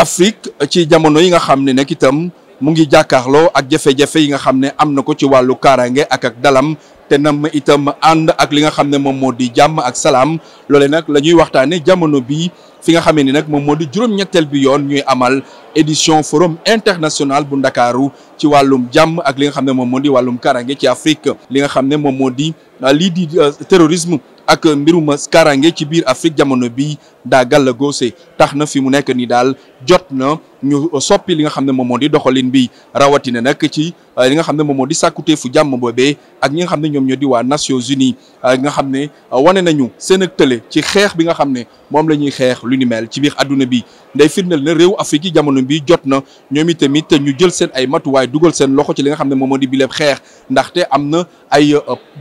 Afrique ci jamono yi nga xam ne nekk itam mu ngi jàkkaarloo ak jafe-jafe yi nga xam ne am na ko ci wàllu kaaraange ak ak dalam té nam itam and ak li nga xamné mom modi jamm ak salam lolé nak la waxtané jamono bi fi nga xamné ni nak moom modi di bi yoon ñuy amal édition forum international bu Dakarou ci walum jamm ak li nga xamné mom modi walum karangé karange ci Afrique li nga xamné mom modi li di ah, ah, terrorisme ak mbirum karange ci biir Afrique jamono bi daa gàllagoose gossé taxna fi mu nek ni dal jotna ñu soppi li nga xamné ne modi doxalin bi rawatina nak ci ah, li nga xamné mom modi fu jamm bobé ak ñi nga xamné ñoom ñoo di waa Nations Unies euh, nga xam ne euh, wane nañu seen ak tële ci xeex bi nga xam ne moom la ñuy xeex lu ni mel ci biir àdduna bi nday firndeel na réew Afrique yi jamono bi jot na ñoom itamit ñu jël seen ay matuwaay dugal seen loxo ci li nga xam ne moom moo di bileeb xeex ndaxte am na ay euh,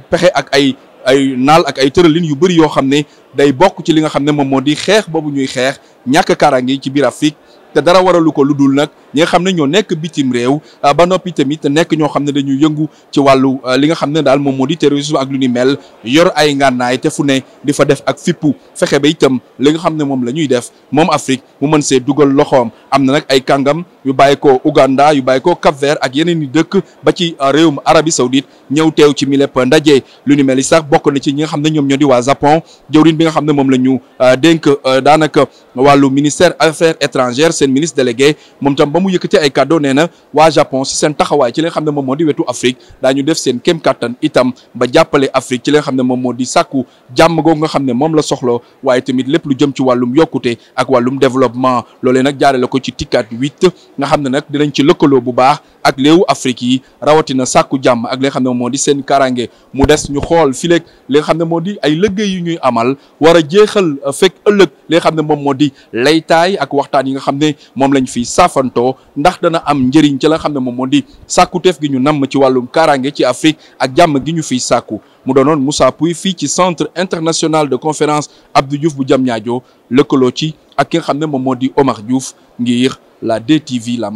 pexe ak ay ay naal ak ay tëralin yu bëri yoo xam ne day bokk ci li nga xam ne moom moo di xeex boobu ñuy xeex ñàkk kaaraange ci biir Afrique te dara waralu ko lu dul nag ñi nga xam ne ñoo nekk bitim réew ah, ba noppi tamit nekk ñoo xam ne dañuy yëngu ci wàllu ah, li nga xam ne daal moom moo di terrorisme ak lu ni mel yor ay ngànnaay te fu ne di fa def ak fippu fexe ba itam li nga xam ne moom la ñuy def moom Afrique mu mën see dugal loxoom am na nag ay kàngam yu bàyyi ko Uganda yu bàyyi ko Cap-Vert ak yeneen i dëkk ba ci ah, réewum Arabie Saoudite ñëw teew ci mi lépp ndaje lu ni mel yi sax bokk ci ñi nga xam ne ñoom ñoo di waa Japon jawriñ bi nga xam ne moom la ñu dénk daanaka wàllu ministère affaires étrangères seen ministre délégué moom tam ba mu yëkkati ay cadeau nee na waa Japon si seen taxawaay ci li nga xam ne moom moo di wetu Afrique daañu def seen kéem kattan itam ba jàppale Afrique ci li xam ne moom moo di sàkku jàmm googu nga xam ne moom la soxla waaye tamit lépp lu jëm ci wàllum yokkute ak wàllum développement loolee nag jaarale ko ci tikkat huit nga xam ne nag dinañ ci lëkkaloo bu baax ak léewu Afrique yi rawatina sàkku jàmm ak li nga xam ne moo di seen karange mu des ñu xool fileeg li nga xam ne moo di ay liggéey yu ñuy amal war a jeexal fekk ëllëg li nga xam ne moom moo di laytaay ak waxtaan yi nga xam ne moom lañ fi saafanto ndax dana am njëriñ ci la xamne mom modi moo gi ñu nam ci walum kaaraange ci Afrique ak jàmm gi ñu fi mu donon Moussa puy fi ci centre international de conférence Abdou Diouf bu le lëkkaloo ci ak ki nga Omar Diouf ngir la DTV la